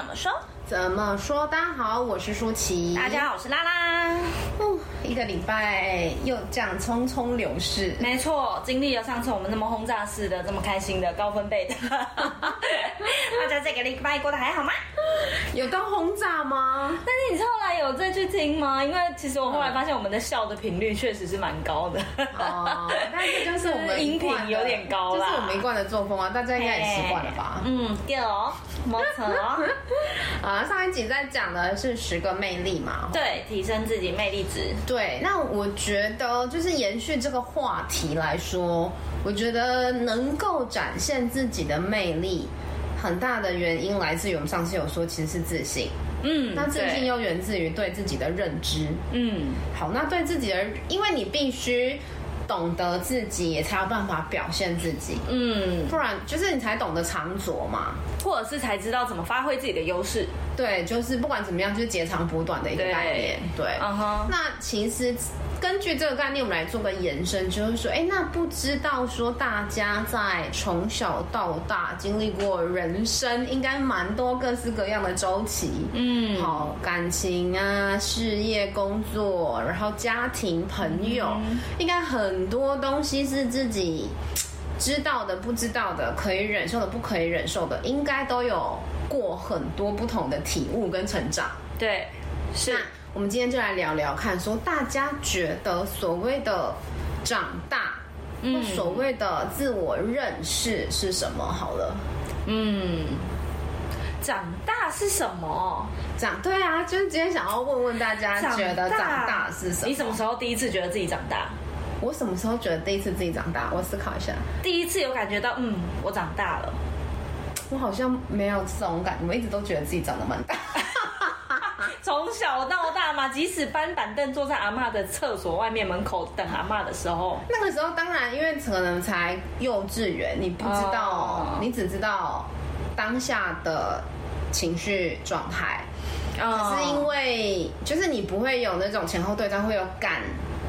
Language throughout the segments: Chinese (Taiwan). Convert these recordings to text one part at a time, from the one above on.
怎麼說？怎麼說？大家好，我是舒娸。大家好，我是拉拉、哦。一個禮拜又這樣匆匆流逝。沒錯，經歷了上次我們那麼轟炸式的、這麼開心的高分貝的，大 家 這個禮拜過得還好嗎？有到轟炸嗎？但是你是後來有再去聽嗎？因為其實我後來發現我們的笑的頻率確實是蠻高的、嗯。哦，但是就是我們的是音頻有點高，這是我們一貫的作風啊，大家應該也習慣了吧？嗯，有、哦。啊， 上一集在講的是十個魅力嘛？對，提升自己魅力值。對，那我覺得就是延續這個話題來說，我覺得能夠展現自己的魅力，很大的原因來自於我們上次有說，其實是自信。嗯，那自信又源自於對自己的認知。嗯，好，那對自己的，因為你必須。懂得自己也才有辦法表現自己，嗯，不然就是你才懂得藏拙嘛，或者是才知道怎麼發揮自己的優勢。對，就是不管怎麼樣，就是截長補短的一個概念。對，啊哼對。Uh huh. 那其實根據這個概念，我們來做個延伸，就是說，哎、欸，那不知道說大家在從小到大經歷過人生，應該蠻多各式各樣的周期，嗯，好，感情啊，事業工作，然後家庭朋友，嗯、應該很。很多東西是自己知道的、不知道的、可以忍受的、不可以忍受的，應該都有過很多不同的體悟跟成長。對，是。那我們今天就來聊聊看，說大家覺得所謂的長大，所謂的自我認識是什麼？好了，嗯，長大是什麼？長對啊，就是今天想要問問大家，覺得長大，長大是什麼？你什麼時候第一次覺得自己長大？我什麼時候覺得第一次自己長大？我思考一下。第一次有感覺到，嗯，我長大了。我好像沒有這種感覺，我一直都覺得自己長得蠻大。從 小到大嘛，即使搬板凳坐在阿媽的廁所外面門口等阿媽的時候，那個時候當然因為可能才幼稚園，你不知道，oh. 你只知道當下的情緒狀態。可、oh. 是因為就是你不會有那種前後對照，會有感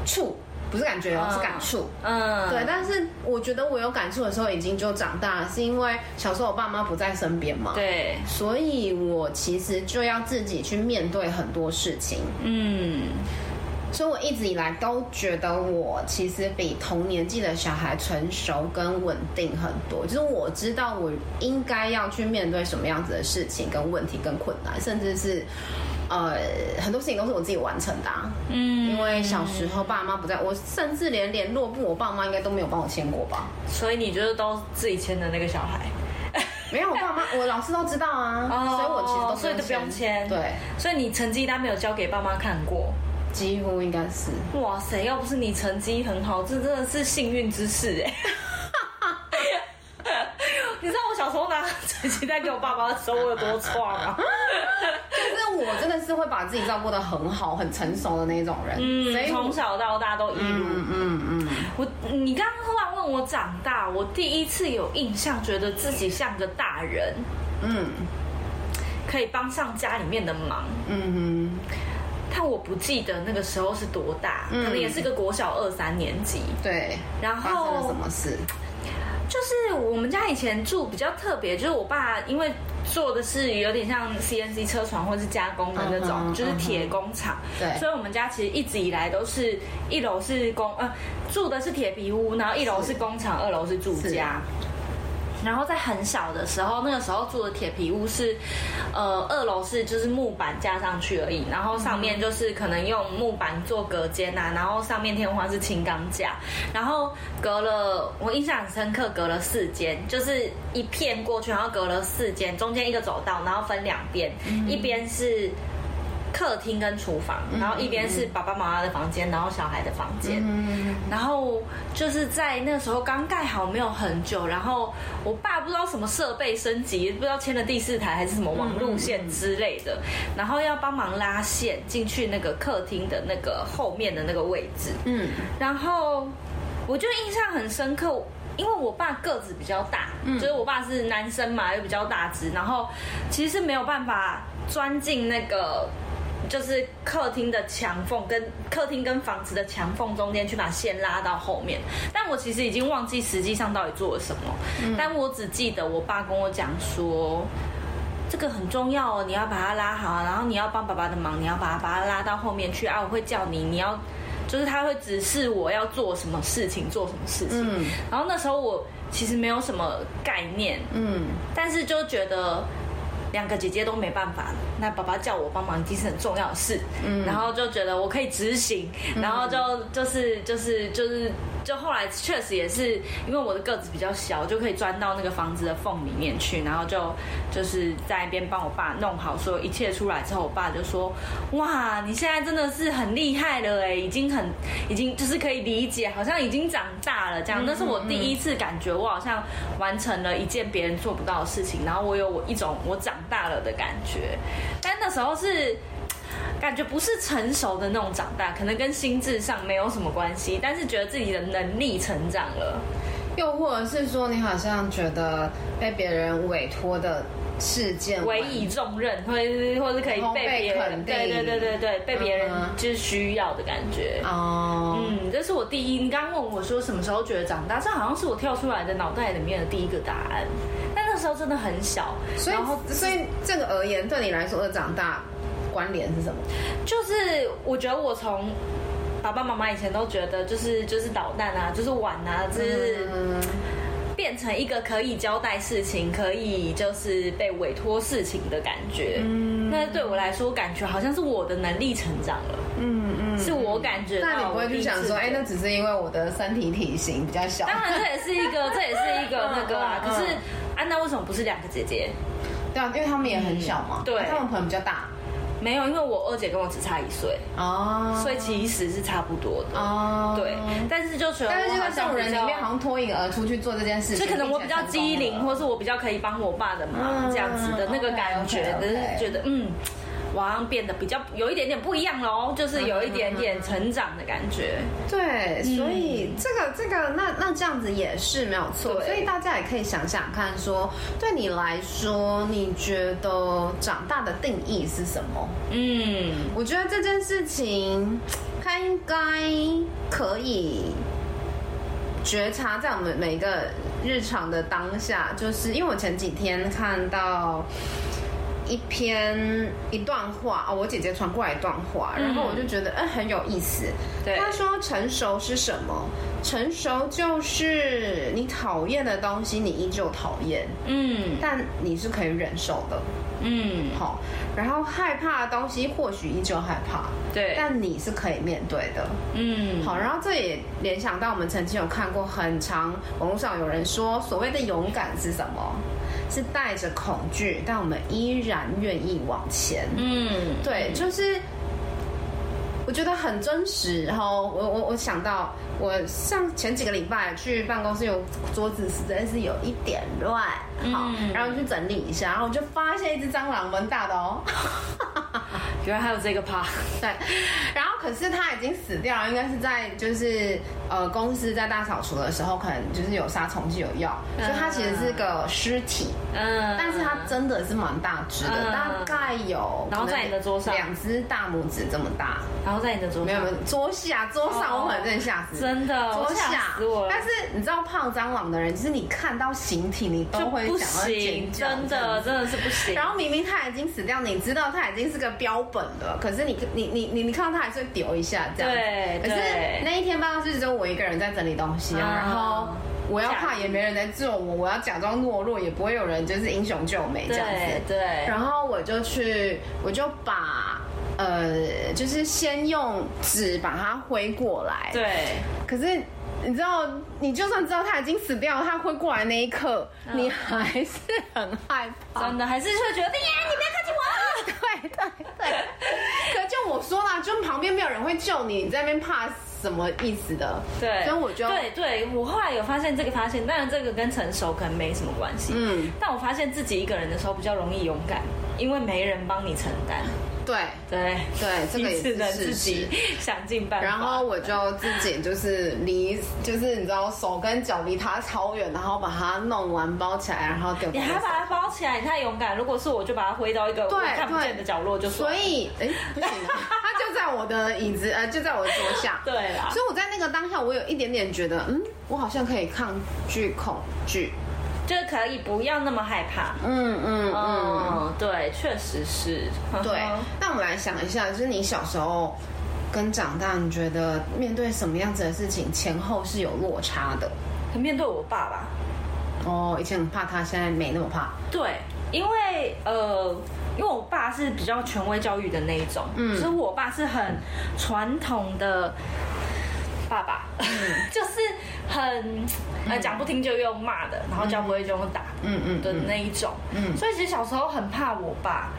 觸。不是感覺哦，是感觸。嗯，對，但是我覺得我有感觸的時候，已經就長大了，是因為小時候我爸媽不在身邊嘛。對，所以我其實就要自己去面對很多事情。嗯。所以，我一直以來都覺得我其實比同年紀的小孩成熟跟穩定很多。就是我知道我應該要去面對什麼樣子的事情、跟問題、跟困難，甚至是呃，很多事情都是我自己完成的啊。嗯，因為小時候爸媽不在，我甚至連聯絡簿，我爸媽應該都沒有幫我簽過吧？所以你就是都自己簽的那個小孩？ 沒有，我爸媽，我老師都知道啊。哦，所以我其實都不用簽。所以都不用簽。對，所以你成績單沒有交給爸媽看過。幾乎應該是，哇塞！要不是你成績很好，這真的是幸運之事哎。 你知道我小時候拿成績單給我爸爸的時候，我有多創啊，就是 我真的是會把自己照顧得很好、很成熟的那種人，嗯，從小到大都一路……嗯嗯。嗯嗯，我你剛剛突然問我長大，我第一次有印象覺得自己像個大人。嗯，可以幫上家裡面的忙。嗯哼看，我不記得那個時候是多大，嗯、可能也是個國小二三年級。對，然後什麼事？就是我們家以前住比較特別，就是我爸因為做的是有點像 CNC 車床或者是加工的那種，uh、huh, 就是鐵工廠。對、uh，huh, 所以我們家其實一直以來都是一樓是工，對呃，住的是鐵皮屋，然後一樓是工廠，是二樓是住家。然後在很小的時候，那個時候住的鐵皮屋是，呃，二樓是就是木板架上去而已，然後上面就是可能用木板做隔間吶、啊，然後上面天花是輕鋼架，然後隔了，我印象很深刻，隔了四間，就是一片過去，然後隔了四間，中間一個走道，然後分兩邊，一邊是客廳跟廚房，然後一邊是爸爸媽媽的房間，然後小孩的房間，嗯、然後就是在那個時候剛蓋好沒有很久，然後我爸不知道什麼設備升級，不知道簽了第四台還是什麼網路線之類的，然後要幫忙拉線進去那個客廳的那個後面的那個位置，嗯，然後我就印象很深刻，因為我爸個子比較大，就是我爸是男生嘛，又比較大只，然後其實是沒有辦法鑽進那個。就是客廳的牆縫跟客廳跟房子的牆縫中間去把線拉到後面，但我其實已經忘記實際上到底做了什麼，但我只記得我爸跟我講說，這個很重要哦，你要把它拉好啊，然後你要幫爸爸的忙，你要把它把它拉到後面去啊，我會叫你，你要就是他會指示我要做什麼事情，做什麼事情，然後那時候我其實沒有什麼概念，嗯，但是就覺得。兩個姐姐都沒辦法了，那爸爸叫我幫忙，已經是很重要的事。嗯，然後就覺得我可以執行，然後就就是就是就是，就後來確實也是因為我的個子比較小，就可以鑽到那個房子的縫裡面去，然後就就是在一邊幫我爸弄好所有一切出來之後，我爸就說：“哇，你現在真的是很厲害了哎、欸，已經很已經就是可以理解，好像已經長大了這樣。嗯嗯嗯”那是我第一次感覺我好像完成了一件別人做不到的事情，然後我有我一種我長。大了的感覺，但那時候是感覺不是成熟的那種長大，可能跟心智上沒有什麼關係，但是覺得自己的能力成長了。又或者是說，你好像覺得被別人委託的事件委以重任，或是或是可以被，別人被肯定，對對對，對對對，被別人就是需要的感覺。哦、uh-huh. 嗯，這是我第一，你剛問我說什麼時候覺得長大，這好像是我跳出來的腦袋裡面的第一個答案。但那時候真的很小，所以然後所以這個而言，嗯、對你來說的長大關聯是什麼？就是我覺得我從。爸爸媽媽以前都覺得就是就是搗蛋啊，就是玩啊，就是、嗯、變成一個可以交代事情、可以就是被委託事情的感覺。嗯，那對我來說感覺好像是我的能力成長了。嗯嗯，嗯嗯是我感覺我的，那你不會去想說，哎、欸，那只是因為我的身體體型比較小？當然這也是一個，這也是一個那個啊。嗯嗯、可是安娜、啊、為什麼不是兩個姐姐？對啊，因為他們也很小嘛。嗯、對、啊，他們可能比較大。沒有，因為我二姐跟我只差一歲，哦，所以其實是差不多的。哦，對，但是就覺得我，但是這個三人裡面好像脫穎而出去做這件事情。就可能我比較機靈，嗯、或是我比較可以幫我爸的忙、嗯、這樣子的那個感覺，okay, okay, okay 就是覺得嗯。好像變得比較有一點點不一樣了哦，就是有一點點成長的感覺、嗯。嗯嗯、對，所以這個這個那那這樣子也是沒有錯。對耶，所以大家也可以想想看說，說對你來說，你覺得長大的定義是什麼？嗯，我覺得這件事情，它應該可以覺察在我們每一個日常的當下。就是因為我前幾天看到。一篇一段話、哦、我姐姐傳過來一段話，然後我就覺得，嗯、呃，很有意思。對，她說成熟是什麼？成熟就是你討厭的東西，你依舊討厭，嗯，但你是可以忍受的，嗯，好。然後害怕的東西，或許依舊害怕，對，但你是可以面對的，嗯，好。然後這也聯想到我們曾經有看過很長，網絡上有人說，所謂的勇敢是什麼？是帶着恐懼，但我們依然願意往前。嗯，對，就是我覺得很真實，然後我我我想到，我上前幾個禮拜去辦公室，有桌子實在是有一點亂，好，嗯，然後去整理一下，然後我就發現一只蟑螂，蠻大的哦。 原來還有這個趴，對，然後可是他已經死掉了，應該是在就是呃公司在大掃除的時候，可能就是有殺蟲劑有藥，嗯嗯所以它其實是個屍體，嗯，嗯，但是它真的是蠻大隻的，嗯嗯大概有，然後在你的桌上，兩隻大拇指這麼大，然後在你的桌上沒有，沒有桌下，桌上我可能真的嚇死，oh, 真的，嚇死我。但是你知道胖蟑螂的人，其實你看到形體你都會想要尖叫，真的真的是不行。然後明明他已經死掉，你知道他已經是個標。本的，可是你你你你你看到他還是會丟一下這樣，對。對，可是那一天辦公室只有我一個人在整理東西啊，uh, 然後我要怕也沒人在揍我，假我要假裝懦弱也不會有人就是英雄救美這樣子。對，對，然後我就去，我就把呃，就是先用紙把它揮過來。對，可是你知道，你就算知道他已經死掉了，他揮過來那一刻，uh, 你還是很害怕，真的、啊、還是會覺得，你不要靠近我、啊啊。對，對。對，可就我說啦，就旁邊沒有人會救你，你在那邊怕什麼意思的？對，所以我就，對，對，我後來有發現這個發現，當然這個跟成熟可能沒什麼關係，嗯，但我發現自己一個人的時候比較容易勇敢，因為沒人幫你承擔。對對對，對對，這個也是，是自己想盡辦法。然後我就自己就是離，就是你知道，手跟腳離他超遠，然後把它弄完包起來，然後丟。你還把它包起來？你太勇敢！如果是我，就把它揮到一個看不見的角落就算了。就。所以哎，不行他，就在我的椅子， 呃，就在我的桌下。對了啦所以我在那個當下，我有一點點覺得，嗯，我好像可以抗拒恐懼。就是可以不要那麼害怕，嗯嗯嗯、哦，對，確實是，對。呵呵，那我們來想一下，就是你小時候跟長大，你覺得面對什麼樣子的事情前後是有落差的？可面對我爸爸，哦，以前很怕他，現在沒那麼怕。對，因為呃，因為我爸是比較權威教育的那一種，嗯，所以我爸是很傳統的爸爸，嗯、 就是。很呃講不聽就又罵的，然後教不會就用打，的那一種。嗯，嗯嗯嗯，所以其實小時候很怕我爸。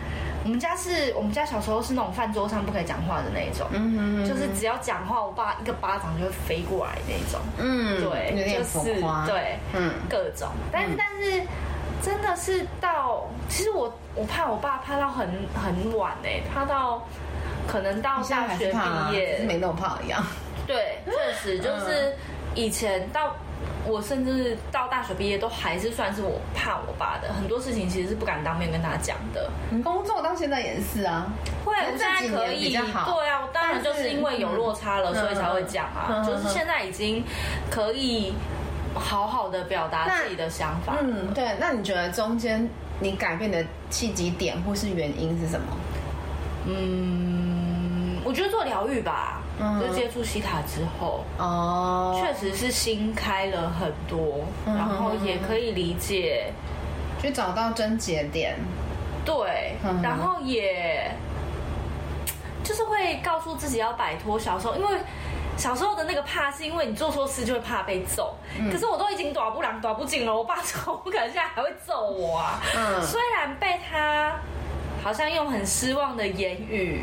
我們家是我們家小時候是那種飯桌上不可以講話的那一種。嗯嗯，就是只要講話，我爸一個巴掌就會飛過來那一種。嗯對、有點瘋狂、就是，對，就是對，嗯，各種。但是、嗯、但是真的是到，其實我我怕我爸怕到很很晚誒，怕到可能到大學畢業是、啊、是沒那麼怕一樣。對，確實就是。就是嗯以前到我甚至是到大學畢業都還是算是我怕我爸的很多事情其實是不敢當面跟他講的。工作到現在也是啊？會，我現在可以。是對啊，我當然就是因為有落差了，是所以才會講啊。嗯、就是現在已經可以好好的表達自己的想法。嗯，對。那你覺得中間你改變的契機點或是原因是什麼？嗯，我覺得做療癒吧。嗯、就接觸西塔之後哦，確實是心開了很多，嗯、哼然後也可以理解，去找到癥結點。對，嗯、哼然後也，就是會告訴自己要擺脫小時候，因為小時候的那個怕，是因為你做錯事就會怕被揍。嗯、可是我都已經躲不了，躲不進了，我爸怎麼可能現在還會揍我啊？嗯，雖然被他好像用很失望的言語。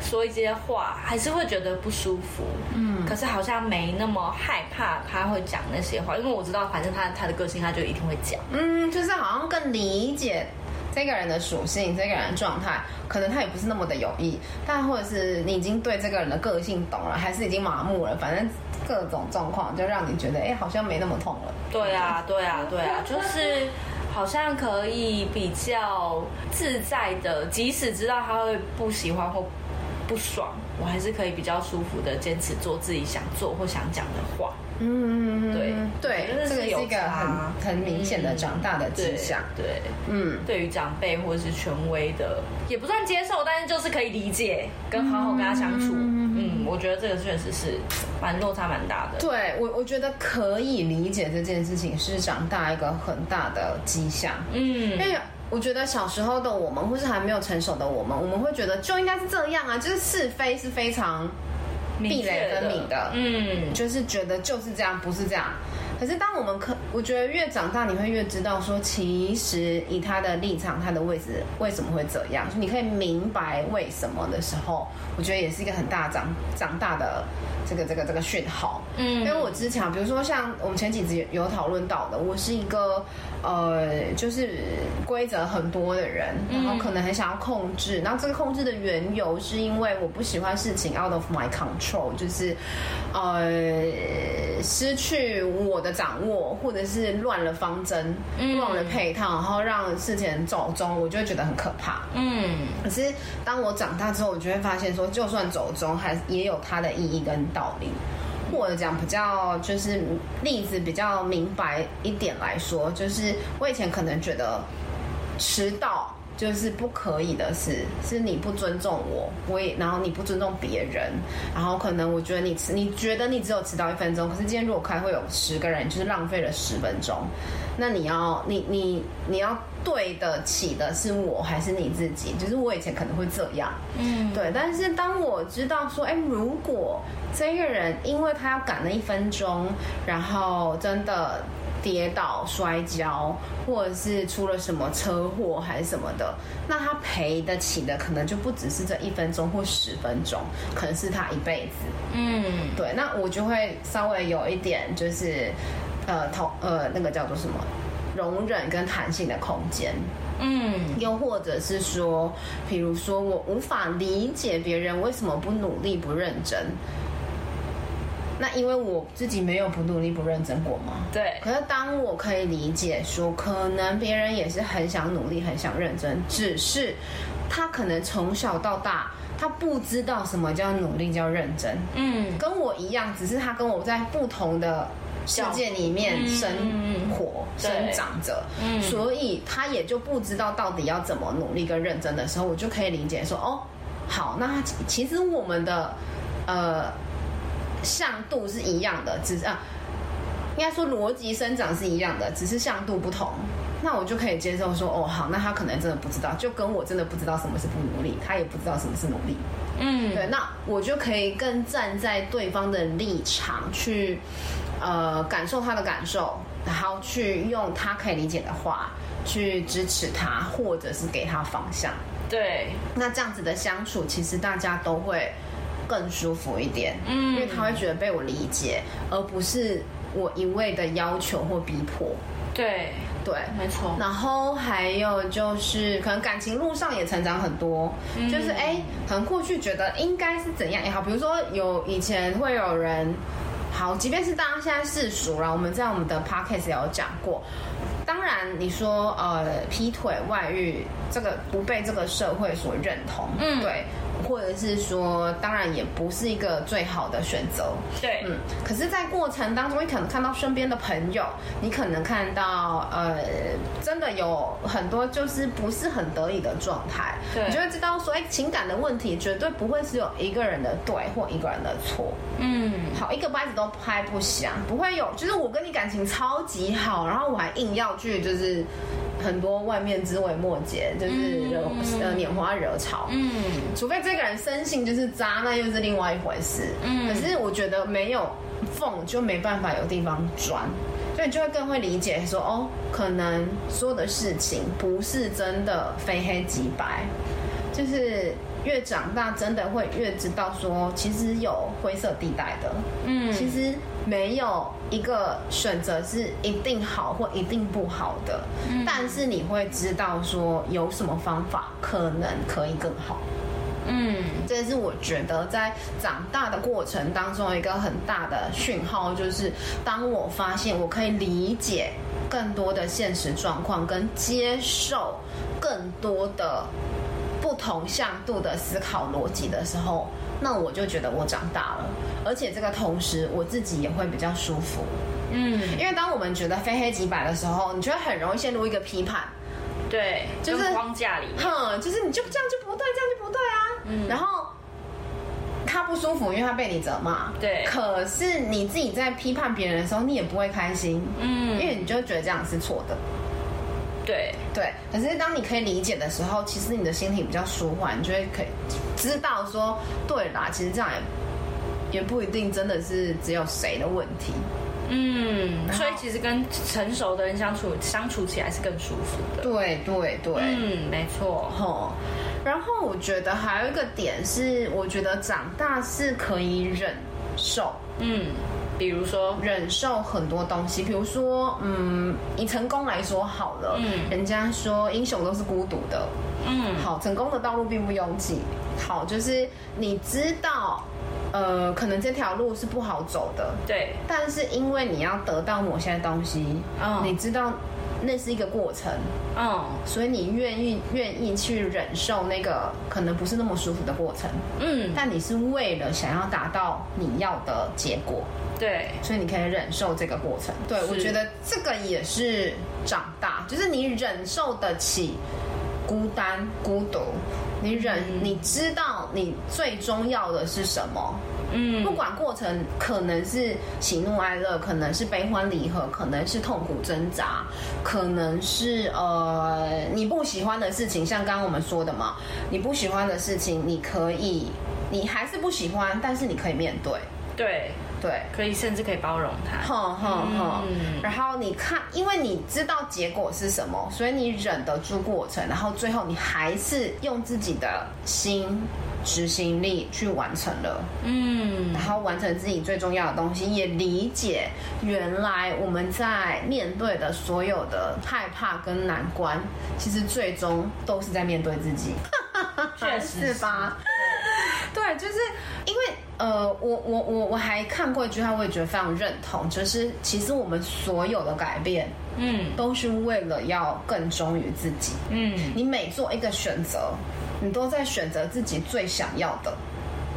說一些話，還是會覺得不舒服。嗯，可是好像沒那麼害怕他會講那些話，因為我知道，反正他他的個性，他就一定會講。嗯，就是好像更理解這個人的屬性，這個人的狀態，可能他也不是那麼的有意，但或者是你已經對這個人的個性懂了，還是已經麻木了，反正各種狀況就讓你覺得，哎，好像沒那麼痛了。對啊，對啊，對啊，就是好像可以比較自在的，即使知道他會不喜歡或。不爽，我還是可以比較舒服地堅持做自己想做或想講的話。嗯，對對，這個是一個很很明顯的長大的跡象。對，嗯，對於長輩或者是權威的，也不算接受，但是就是可以理解，跟好好跟他相處。嗯，我覺得這個確實是蠻落差蠻大的。對我，我覺得可以理解這件事情是長大一個很大的跡象。嗯。哎呀。我覺得小時候的我們，或是還沒有成熟的我們，我們會覺得就應該是這樣啊，就是是非是非常壁壘的的，壁壘分明的，嗯，就是覺得就是這樣，不是這樣。可是當我們可，我覺得越長大，你會越知道說，其實以他的立場、他的位置為什麼會怎樣，你可以明白為什麼的時候，我覺得也是一個很大長長大的這個這個這個訊號。嗯，因為我之前，比如說像我們前幾集有討論到的，我是一個呃，就是規則很多的人，然後可能很想要控制，嗯、然後這個控制的緣由是因為我不喜歡事情 out of my control，就是呃，失去我的。掌握，或者是亂了方針，嗯、亂了配套，然後讓事情走中，我就會覺得很可怕。嗯，可是當我長大之後，我就會發現說，就算走中，還也有它的意義跟道理。或者講比較，就是例子比較明白一點來說，就是我以前可能覺得遲到。就是不可以的事，是你不尊重我，我也，然後你不尊重別人，然後可能我覺得你遲，你覺得你只有遲到一分鐘，可是今天如果開會有十個人，就是浪費了十分鐘，那你要，你你你要對得起的是我，還是你自己？就是我以前可能會這樣，嗯，對。但是當我知道說，哎，如果這個人因為他要趕了一分鐘，然後真的，跌倒、摔跤，或者是出了什麼車禍還是什麼的，那他賠得起的可能就不只是這一分鐘或十分鐘，可能是他一輩子。嗯，對。那我就會稍微有一點，就是呃，同呃，那個叫做什麼，容忍跟彈性的空間。嗯，又或者是說，比如說我無法理解別人為什麼不努力、不認真。那因為我自己沒有不努力、不認真過嗎？對。可是當我可以理解說，可能別人也是很想努力、很想認真，只是他可能從小到大他不知道什麼叫努力、叫認真。嗯。跟我一樣，只是他跟我在不同的世界裡面生活、嗯、生長着。嗯。所以他也就不知道到底要怎麼努力跟認真的時候，我就可以理解說，哦，好，那其實我們的，呃。向度是一樣的，只是啊，應該說邏輯生長是一樣的，只是向度不同。那我就可以接受說，哦，好，那他可能真的不知道，就跟我真的不知道什麼是不努力，他也不知道什麼是努力。嗯，對，那我就可以更站在對方的立場去，呃，感受他的感受，然後去用他可以理解的話去支持他，或者是給他方向。對，那這樣子的相處，其實大家都會。更舒服一點，嗯，因為他會覺得被我理解，嗯、而不是我一味的要求或逼迫。對，對，沒錯。然後還有就是，可能感情路上也成長很多，嗯、就是哎、欸，可能過去覺得應該是怎樣也、欸、好，比如說有以前會有人，好，即便是大家現在世俗了，我們在我們的 Podcast 也有講過。當然，你說呃劈腿、外遇，這個不被這個社會所認同，嗯，對。或者是說，當然也不是一個最好的選擇。對，嗯，可是，在過程當中，你可能看到身邊的朋友，你可能看到，呃，真的有很多就是不是很得意的狀態，對你就會知道說，哎、欸，情感的問題絕對不會只有一個人的對或一個人的錯。嗯，好，一個巴掌都拍不響，不會有，就是我跟你感情超級好，嗯、然後我還硬要去就是很多外面枝微末節，就是惹、嗯、呃，拈花惹草，嗯，除非這。這個人生性就是渣，那又是另外一回事。嗯，可是我覺得沒有縫就沒辦法有地方鑽，所以你就會更會理解說哦，可能說的事情不是真的非黑即白，就是越長大真的會越知道說，其實有灰色地帶的。嗯，其實沒有一個選擇是一定好或一定不好的。嗯，但是你會知道說，有什麼方法可能可以更好。嗯，這是我覺得在長大的過程當中一個很大的訊號，就是當我發現我可以理解更多的現實狀況，跟接受更多的不同向度的思考邏輯的時候，那我就覺得我長大了，而且這個同時我自己也會比較舒服。嗯，因為當我們覺得非黑即白的時候，你就會很容易陷入一個批判，對，就是框架裡面，哼、嗯，就是你就這樣就不對，這樣就不對啊。嗯、然後他不舒服，因為他被你責罵。對，可是你自己在批判別人的時候，你也不會開心。嗯，因為你就覺得這樣是錯的。對對，可是當你可以理解的時候，其實你的心情比較舒緩，你就會可以知道說，對啦，其實這樣也也不一定真的是只有誰的問題。嗯，嗯，所以其實跟成熟的人相處後相處起來是更舒服的。對對對，嗯，沒錯。吼、嗯，然後我覺得還有一個點是，我覺得長大是可以忍受。嗯，比如說忍受很多東西，比如說，嗯，以成功來說好了，嗯，人家說英雄都是孤獨的，嗯，好，成功的道路並不擁擠，好，就是你知道。呃，可能這條路是不好走的，對。但是因為你要得到某些東西，oh. 你知道那是一個過程，哦，oh. 所以你願意願意去忍受那個可能不是那麼舒服的過程，嗯。但你是為了想要達到你要的結果，對。所以你可以忍受這個過程，對。是。我覺得這個也是長大，就是你忍受得起孤單、孤獨。你忍，你知道你最重要的是什麼，嗯，不管過程可能是喜怒哀樂，可能是悲歡離合，可能是痛苦掙扎，可能是呃你不喜歡的事情，像剛剛我們說的嘛，你不喜歡的事情，你可以，你還是不喜歡，但是你可以面對，對。對，可以甚至可以包容他，嗯、然後你看，因為你知道結果是什麼，所以你忍得住過程，然後最後你還是用自己的心、執行力去完成了，嗯。然後完成自己最重要的東西，也理解原來我們在面對的所有的害怕跟難關，其實最終都是在面對自己，確實是 是吧？對，就是因為呃，我我我我還看過一句話，我也覺得非常認同，就是其實我們所有的改變，嗯，都是為了要更忠於自己，嗯，你每做一個選擇，你都在選擇自己最想要的，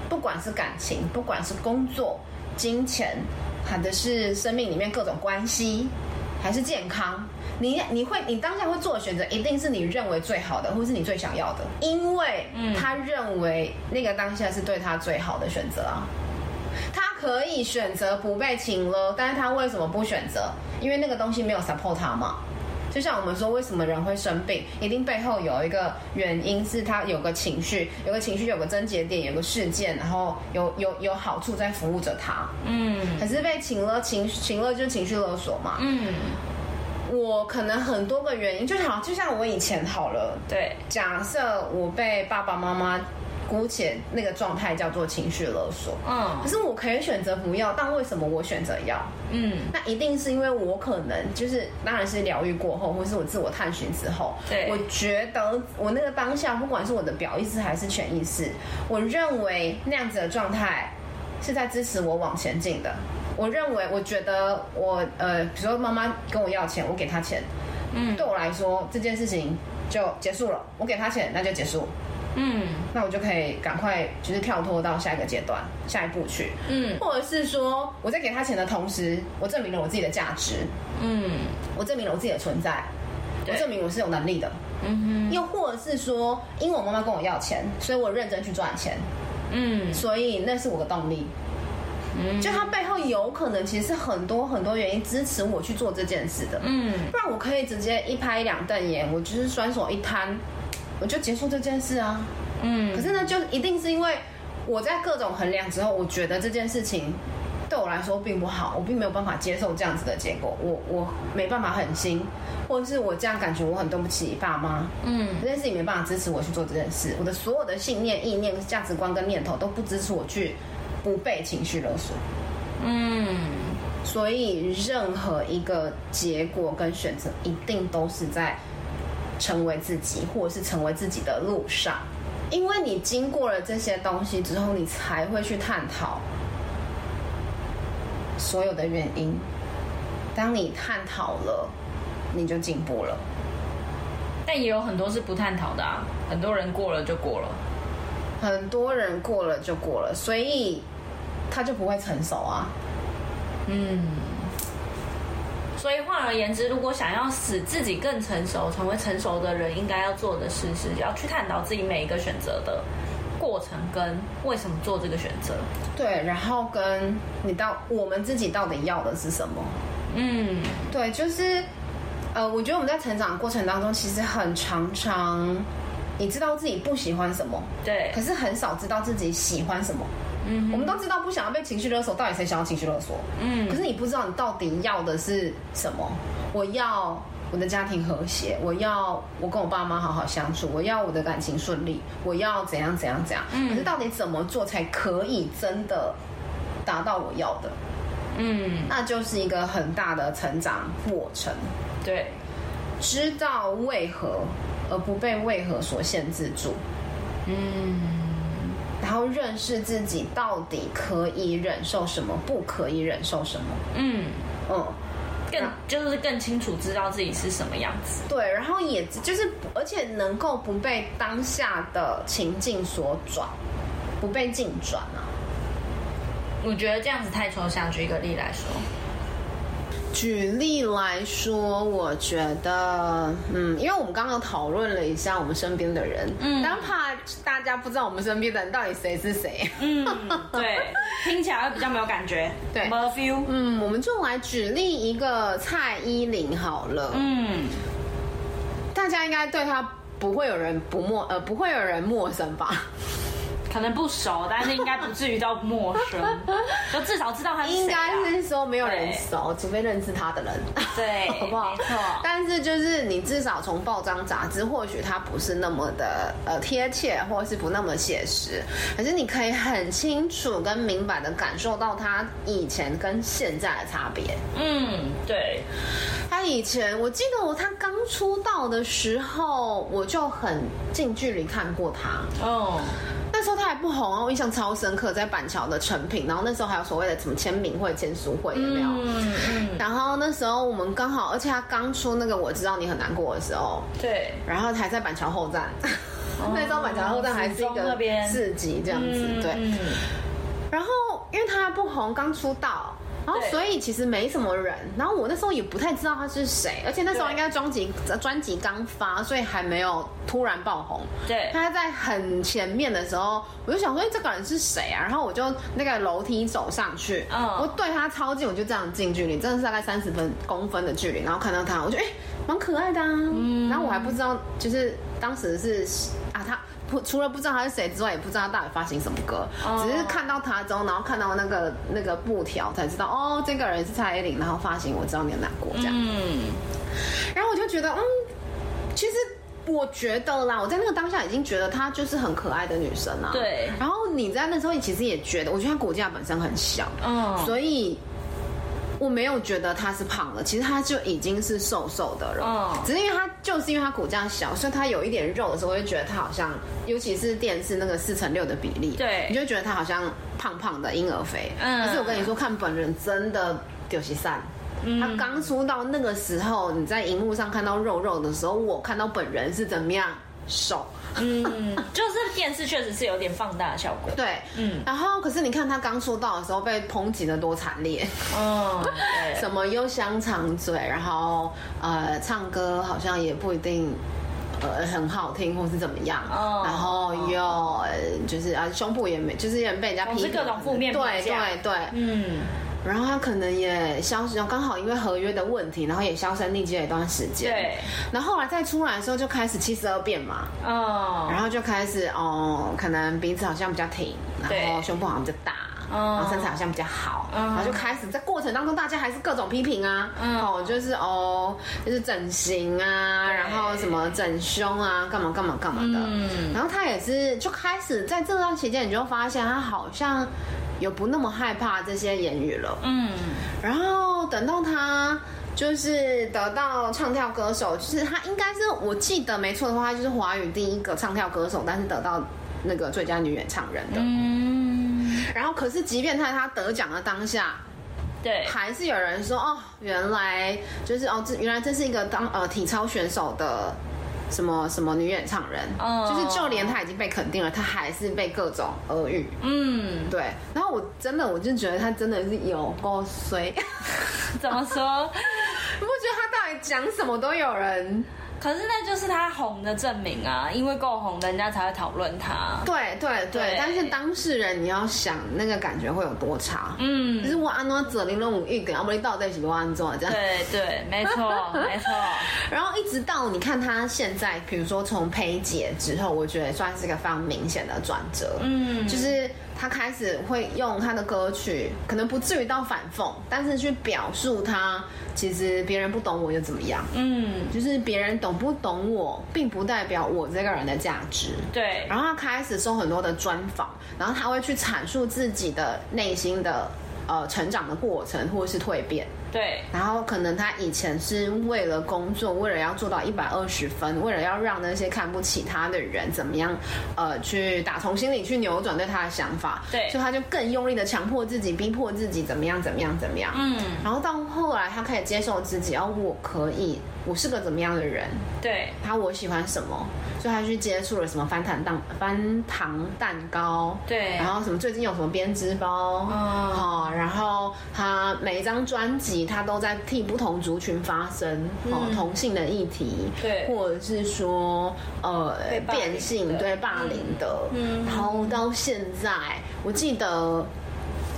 不管是感情，不管是工作、金錢，還是生命裡面各種關係，還是健康。你你會你當下會做的選擇，一定是你認為最好的，或是你最想要的，因為他認為那個當下是對他最好的選擇啊。他可以選擇不被情勒，但是他為什麼不選擇？因為那個東西沒有 support 他嘛。就像我們說，為什麼人會生病，一定背後有一個原因，是他有個情緒，有個情緒，有個症結點，有個事件，然後有有有好處在服務着他。嗯。可是被情勒，情勒了，請就是情緒勒索嘛。嗯。我可能很多個原因，就好，就像我以前好了，對。假設我被爸爸媽媽，姑且那個狀態叫做情緒勒索，嗯。可是我可以選擇不要，但為什麼我選擇要？嗯，那一定是因為我可能就是，當然是療癒過後，或是我自我探尋之後，對。我覺得我那個當下，不管是我的表意識還是潛意識，我認為那樣子的狀態是在支持我往前進的。我認為，我覺得我呃，比如說媽媽跟我要錢，我給她錢，嗯，對我來說這件事情就結束了。我給她錢，那就結束，嗯，那我就可以趕快就是跳脫到下一個階段，下一步去，嗯，或者是說我在給她錢的同時，我證明了我自己的價值，嗯，我證明了我自己的存在，對我證明我是有能力的，嗯哼，又或者是說，因為我媽媽跟我要錢，所以我認真去賺錢，嗯，所以那是我的動力。就它背後有可能，其實是很多很多原因支持我去做這件事的。嗯，不然我可以直接一拍兩瞪眼，我就是雙手一攤，我就結束這件事啊。嗯，可是呢，就一定是因為我在各種衡量之後，我覺得這件事情對我來說並不好，我並沒有辦法接受這樣子的結果，我我沒辦法狠心，或者是我這樣感覺我很對不起爸媽。嗯，這件事情沒辦法支持我去做這件事，我的所有的信念、意念、價值觀跟念頭都不支持我去。不被情緒勒索，嗯，所以任何一個結果跟選擇，一定都是在成為自己或者是成為自己的路上，因為你經過了這些東西之後，你才會去探討所有的原因。當你探討了，你就進步了。但也有很多是不探討的啊，很多人過了就過了，很多人過了就過了，所以。他就不會成熟啊，嗯，所以換而言之，如果想要使自己更成熟，成為成熟的人，應該要做的事是，要去探討自己每一個選擇的過程跟為什麼做這個選擇。對，然後跟你到我們自己到底要的是什麼？嗯，對，就是呃，我覺得我們在成長過程當中，其實很常常，你知道自己不喜歡什麼，對，可是很少知道自己喜歡什麼。 我們都知道不想要被情緒勒索，到底誰想要情緒勒索？嗯，可是你不知道你到底要的是什麼。我要我的家庭和諧，我要我跟我爸媽好好相處，我要我的感情順利，我要怎樣怎樣怎樣。嗯，可是到底怎麼做才可以真的達到我要的？嗯，那就是一個很大的成長過程。對，知道為何，而不被為何所限制住。嗯。然後認識自己到底可以忍受什麼，不可以忍受什麼。嗯嗯，嗯，更那就是更清楚知道自己是什麼樣子。對，然後也就是，而且能夠不被當下的情境所轉，不被境轉啊，我覺得這樣子太抽象，舉一個例來說。舉例來說，我覺得，嗯，因為我們剛剛討論了一下我們身邊的人，嗯，但怕大家不知道我們身邊的人到底誰是誰，嗯，對， 聽起來會比較沒有感覺，對，Murphy，嗯，我們就來舉例一個蔡依林好了，嗯，大家應該對她不會有人不陌呃不會有人陌生吧？可能不熟，但是應該不至於到陌生， 就至少知道他是誰、啊、應該是說沒有人熟，對除非認識他的人。對， 好不好？沒錯錯。但是就是你至少從報章雜誌，或許他不是那麼的呃貼切，或是不那麼寫實，可是你可以很清楚跟明白的感受到他以前跟現在的差別。嗯，對。他以前，我記得我他剛出道的時候，我就很近距離看過他。哦。那時候他還不紅哦，我印象超深刻，在板橋的誠品，然後那時候還有所謂的什麼簽名會、簽書會有沒有？嗯嗯。嗯然後那時候我們剛好，而且他剛出那個我知道你很難過的時候，對。然後還在板橋後站，哦、 那時候板橋後站還是一個四級這樣子，嗯嗯、對。然後，因為他不紅，剛出道，然後所以其實沒什麼人。對然後我那時候也不太知道他是誰，而且那時候應該專輯對專輯剛發，所以還沒有突然爆紅。對，他在很前面的時候，我就想說，哎，這個人是誰啊？然後我就那個樓梯走上去，哦、我對他超近，我就這樣近距離，真的是大概三十分公分的距離，然後看到他，我就哎、欸，蠻可愛的、啊。嗯、然後我還不知道，就是當時是。除了不知道他是誰之外，也不知道他到底發行什麼歌，oh. 只是看到他之後，然後看到那個那個布條，才知道哦，這個人是蔡依林，然後發行我知道你有哪個國這樣。嗯，mm. 然後我就覺得，嗯，其實我覺得啦，我在那個當下已經覺得她就是很可愛的女生啦。對。然後你在那時候，其實也覺得，我覺得她骨架本身很小，嗯，oh. 所以。我沒有覺得他是胖的，其實他就已經是瘦瘦的了。哦，只是因為他就是因為他骨架小，所以他有一點肉的時候，我就覺得他好像，尤其是電視那個四乘六的比例，對，你就覺得他好像胖胖的嬰兒肥。嗯，可是我跟你說，看本人真的丟失散。嗯，他剛出道那個時候，你在熒幕上看到肉肉的時候，我看到本人是怎麼樣？瘦，手 嗯，就是電視確實是有點放大的效果。對，嗯，然後可是你看他剛出道的時候被抨擊得多慘烈，嗯、哦，什麼又香腸嘴，然後呃唱歌好像也不一定呃很好聽或是怎麼樣，哦、然後又就是啊、呃、胸部也沒，就是也被人家批各種負面，面對，對對對，嗯。然後他可能也消失，剛好因為合約的問題，然後也銷聲匿跡了一段時間。對，然後後來再出來的時候就開始七十二變嘛，哦，oh. 然後就開始哦，可能鼻子好像比較挺，然後胸部好像比較大。啊，然後身材好像比較好，oh, 然後就開始在過程當中，大家還是各種批評啊，哦，oh, oh, 就是哦，oh, 就是整形啊，對然後什麼整胸啊，幹嘛幹嘛幹嘛的。嗯，然後他也是就開始在這段期間，你就發現他好像有不那麼害怕這些言語了。嗯，然後等到他就是得到唱跳歌手，就是他應該是我記得沒錯的話，他就是華語第一個唱跳歌手，但是得到那個最佳女演唱人的。嗯。然後，可是即便他他得獎的當下，對，還是有人說哦，原來就是哦，這原來這是一個當呃體操選手的什麼什麼女演唱人，哦，oh. 就是就連他已經被肯定了，他還是被各種耳語，嗯，mm. 對。然後我真的我就覺得他真的是有夠衰， 怎麼說？我 覺得他到底講什麼都有人。可是那就是他紅的證明啊，因為夠紅，的人家才會討論他。對對對，對對對，但是當事人你要想那個感覺會有多差，嗯，就是我按怎做你都有意見，要不然你到底是按怎做這樣。對對，沒錯 沒錯錯。然後一直到你看他現在，比如說從裴姐之後，我覺得算是個非常明顯的轉折，嗯，就是。他開始會用他的歌曲，可能不至於到反諷，但是去表述他其實別人不懂我又怎麼樣？嗯，就是別人懂不懂我，並不代表我這個人的價值。對。然後他開始收很多的專訪，然後他會去闡述自己的內心的呃成長的過程，或者是蛻變。對，然後可能他以前是為了工作，為了要做到一百二十分，為了要讓那些看不起他的人怎麼樣，呃，去打，從心裡去扭轉對他的想法。對，所以他就更用力的強迫自己，逼迫自己怎麼樣，怎麼樣，怎麼樣。嗯，然後到後來他可以接受自己，哦，我可以，我是個怎麼樣的人？對，他我喜歡什麼？所以他去接觸了什麼翻糖蛋翻糖蛋糕？對，然後什麼最近有什麼編織包？啊、哦，好、哦，然後他每一張專輯。他都在替不同族群發聲，同性的議題。對、嗯，或者是說，對呃，變性對霸凌的、凌的，嗯，然後到現在，我記得。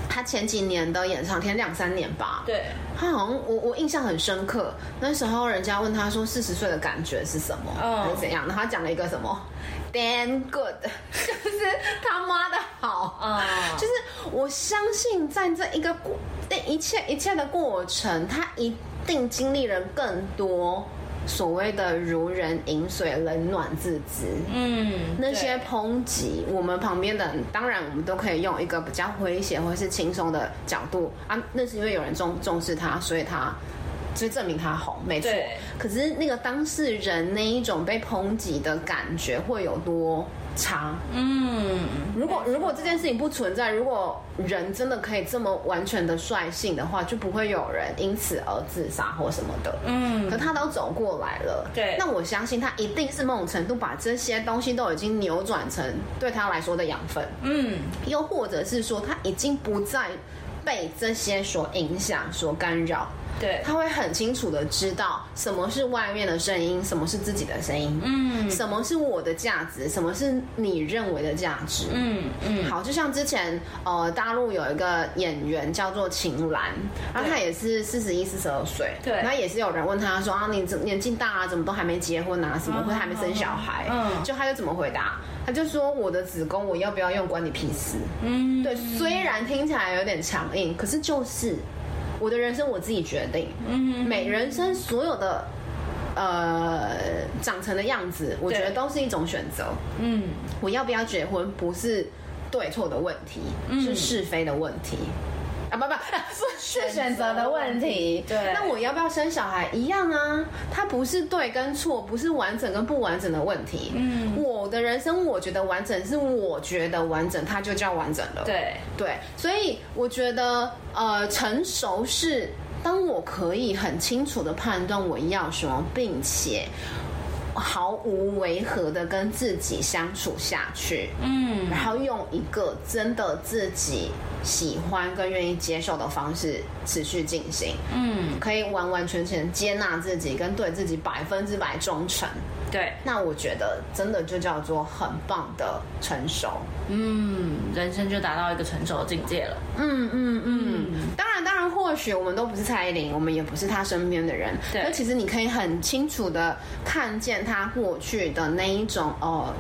他前幾年的演唱會，兩三年吧。對，他好像我我印象很深刻。那時候人家問他說：“四十歲的感覺是什麼？嗯，oh. 還是怎樣？”然後他講了一個什麼 “damn good”， 就是他媽的好啊！Oh. 就是我相信在這一個在一切一切的過程，他一定經歷人更多。所謂的如人飲水，冷暖自知。嗯，那些抨擊對我們旁邊的，當然我們都可以用一個比較詼諧或是輕鬆的角度啊。那是因為有人重重視他，所以他，所以證明他紅，沒錯。對可是那個當事人那一種被抨擊的感覺會有多？嗯，如果如果這件事情不存在，如果人真的可以這麼完全的率性的話，就不會有人因此而自殺或什麼的，嗯，可他都走過來了，對，那我相信他一定是某種程度把這些東西都已經扭轉成對他來說的養分，嗯，又或者是說他已經不再被這些所影響、所干擾。對，他會很清楚的知道什麼是外面的聲音，什麼是自己的聲音，嗯，什麼是我的價值，什麼是你認為的價值，嗯嗯。嗯好，就像之前呃，大陸有一個演員叫做秦嵐，對然後他也是四十一四十二歲，對，然後也是有人問他說啊，你年紀大啊，怎麼都還沒結婚啊，什麼會、嗯、還沒生小孩？嗯，嗯就他就怎麼回答？他就說我的子宮我要不要用，關你屁事。嗯，對，雖然聽起來有點強硬，可是就是。我的人生我自己決定，嗯，每人生所有的，呃，長成的樣子，我覺得都是一種選擇。嗯，我要不要結婚，不是對錯的問題，是是非的問題。嗯嗯不不， 是選擇的問題。問題。對，那我要不要生小孩一樣啊？它不是對跟錯，不是完整跟不完整的問題。嗯，我的人生，我覺得完整是我覺得完整，它就叫完整了。對對，所以我覺得，呃，成熟是當我可以很清楚的判斷我要什麼，並且。毫無違和的跟自己相處下去，嗯，然後用一個真的自己喜歡跟願意接受的方式持續進行，嗯，可以完完全全接納自己跟對自己百分之百忠誠，對，那我覺得真的就叫做很棒的成熟。嗯，人生就達到一個成熟的境界了。嗯嗯嗯，當然當然，或許我們都不是蔡依林，我們也不是她身邊的人。對，那其實你可以很清楚的看見他過去的那一種，呃，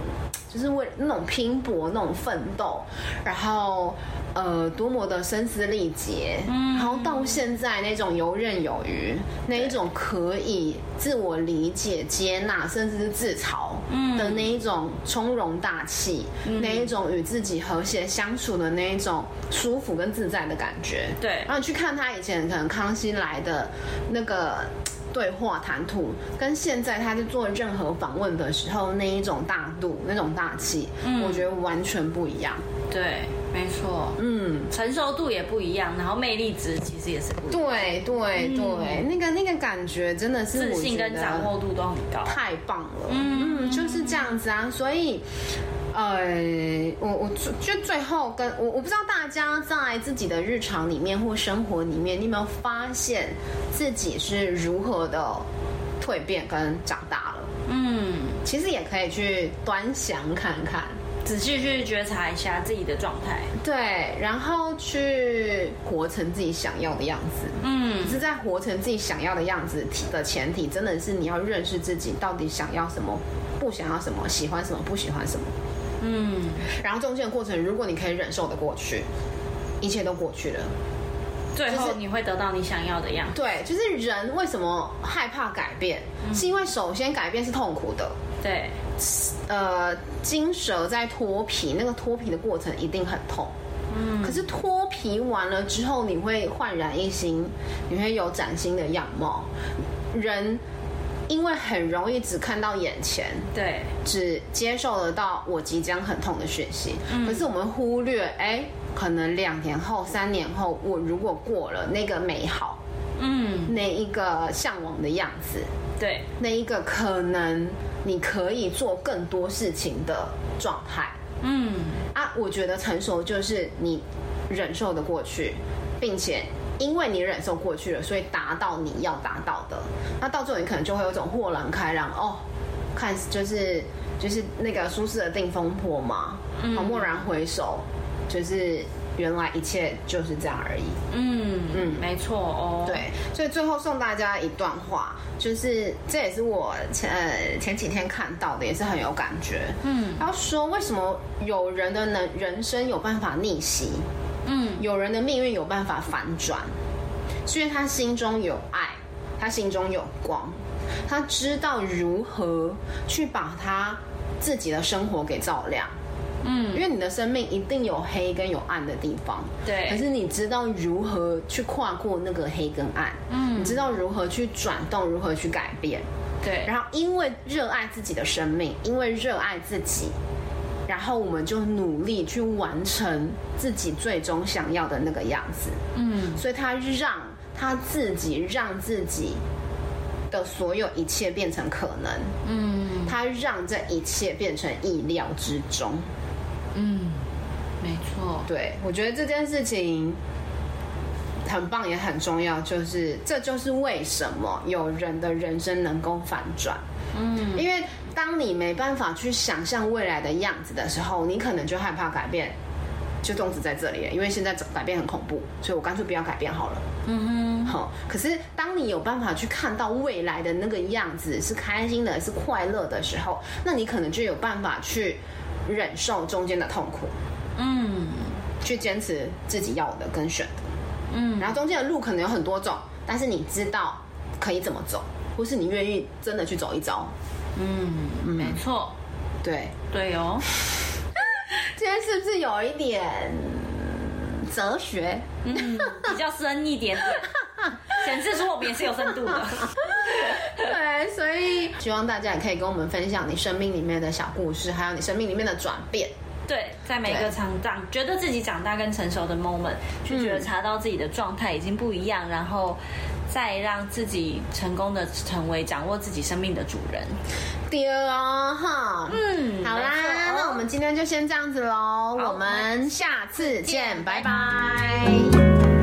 就是為那種拼搏、那種奮鬥，然後呃，多麼的聲嘶力竭，嗯，然後到現在那種游刃有餘，對那一種可以自我理解、接納，甚至是自嘲，嗯，的那一種從容大氣，嗯、那一種。與自己和諧相處的那一種舒服跟自在的感覺，對。然後去看他以前可能康熙來的那個對話談吐，跟現在他在做任何訪問的時候那一種大度、那種大氣，嗯、我覺得完全不一樣。對，沒錯。嗯，成熟度也不一樣，然後魅力值其實也是不一樣。對對對，對對，嗯、那個那個感覺真的是自信跟掌握度都很高，太棒了。嗯，就是這樣子啊，所以。呃、欸，我我就最後跟我，我不知道大家在自己的日常裡面或生活裡面，你有沒有發現自己是如何的蛻變跟長大了？嗯，其實也可以去端詳看看，仔細去覺察一下自己的狀態。對，然後去活成自己想要的樣子。嗯，只是在活成自己想要的樣子的前提，真的是你要認識自己到底想要什麼，不想要什麼，喜歡什麼，不喜歡什麼。嗯，然後中間的過程，如果你可以忍受的過去，一切都過去了，最後你會得到你想要的樣子，就是。對，就是人為什麼害怕改變，嗯、是因為首先改變是痛苦的。對，呃，金蛇在脫皮，那個脫皮的過程一定很痛。嗯，可是脫皮完了之後，你會煥然一新，你會有嶄新的樣貌。人。因為很容易只看到眼前，對，只接受得到我即將很痛的訊息。嗯，可是我們忽略，哎，可能兩年後、三年後，我如果過了那個美好，嗯，那一個嚮往的樣子，對，那一個可能你可以做更多事情的狀態，嗯，啊，我覺得成熟就是你忍受得過去，並且。因為你忍受過去了，所以達到你要達到的。那到最後，你可能就會有一種豁然開朗哦，看就是就是那個蘇軾的《定風波》嘛，嗯，驀然回首，就是原來一切就是這樣而已。嗯嗯，嗯，沒錯哦。對，所以最後送大家一段話，就是這也是我前、呃、前幾天看到的，也是很有感覺。嗯，他說，為什麼有人的能人生有辦法逆襲？嗯，有人的命運有辦法反轉，所以他心中有愛，他心中有光，他知道如何去把他自己的生活給照亮。嗯，因為你的生命一定有黑跟有暗的地方，對。可是你知道如何去跨過那個黑跟暗，嗯，你知道如何去轉動，如何去改變，對。然後因為熱愛自己的生命，因為熱愛自己。然後我們就努力去完成自己最終想要的那個樣子。嗯，所以他讓他自己讓自己的所有一切變成可能。嗯，他讓這一切變成意料之中。嗯，沒錯。對，我覺得這件事情很棒也很重要，就是這就是為什麼有人的人生能夠反轉。嗯，因為。當你沒辦法去想象未來的樣子的時候，你可能就害怕改變，就終止在這裡了。因為現在改變很恐怖，所以我乾脆不要改變好了。嗯哼，好。可是當你有辦法去看到未來的那個樣子是開心的、是快樂的時候，那你可能就有辦法去忍受中間的痛苦。嗯，去堅持自己要的跟選的。嗯，然後中間的路可能有很多種，但是你知道可以怎麼走，或是你願意真的去走一走。嗯，嗯沒錯，對對哦，今天是不是有一點哲學？嗯，比較深一點的顯示出我們也是有深度的。對，所以希望大家也可以跟我們分享你生命裡面的小故事，還有你生命裡面的轉變。對，在每個成長、覺得自己長大跟成熟的 moment，去覺察到自己的狀態已經不一樣，然後再讓自己成功的成為掌握自己生命的主人，哦。第二嗯，好啦、啊，哦、那我們今天就先這樣子嘍，好我們下次見，好拜拜。拜拜。